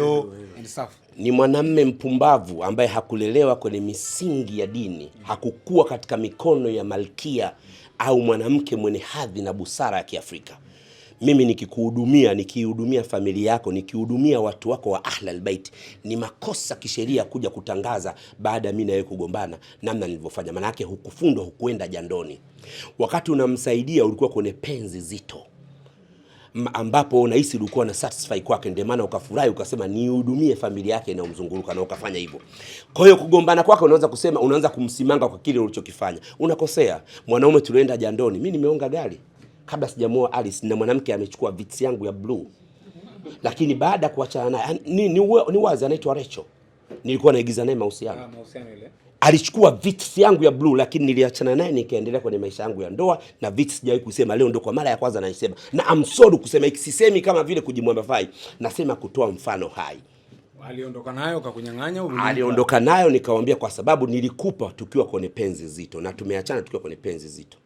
upendo ni mwanamme mpumbavu ambaye hakulelewa kwenye misingi ya dini, mm. hakukuwa katika mikono ya malkia au mwanamke mwenye hadhi na busara ya Kiafrika. Mimi nikikuhudumia, nikihudumia familia yako, nikihudumia watu wako wa Ahlal Bait, ni makosa kisheria kuja kutangaza baada ya mimi na wewe kugombana namna nilivyofanya. Maana yake hukufundwa, hukuenda jandoni. Wakati unamsaidia ulikuwa kwenye penzi zito ambapo unahisi ulikuwa na satisfy kwake, ndio maana ukafurahi ukasema nihudumie familia yake inayomzunguruka na ukafanya hivyo. Kwa hiyo kugombana kwake, unaweza kusema unaanza kumsimanga kwa kile ulichokifanya, unakosea. Mwanaume tulienda jandoni, mimi nimeonga gari kabla sijamuoa Alice, na mwanamke amechukua vits yangu ya blue, lakini baada ya kuachana naye, ni, ni, ni wazi anaitwa Rachel nilikuwa naigiza naye mahusiano. Ah, Alichukua vits yangu ya blue, lakini niliachana naye nikaendelea kwenye maisha yangu ya ndoa, na vits sijawahi kusema. Leo ndo kwa mara ya kwanza naisema, na amsodu kusema ikisisemi kama vile kujimwambafai, nasema kutoa mfano hai. Aliondoka nayo kakunyang'anya, aliondoka nayo nikamwambia, kwa sababu nilikupa tukiwa kwenye penzi zito, na tumeachana tukiwa kwenye penzi zito.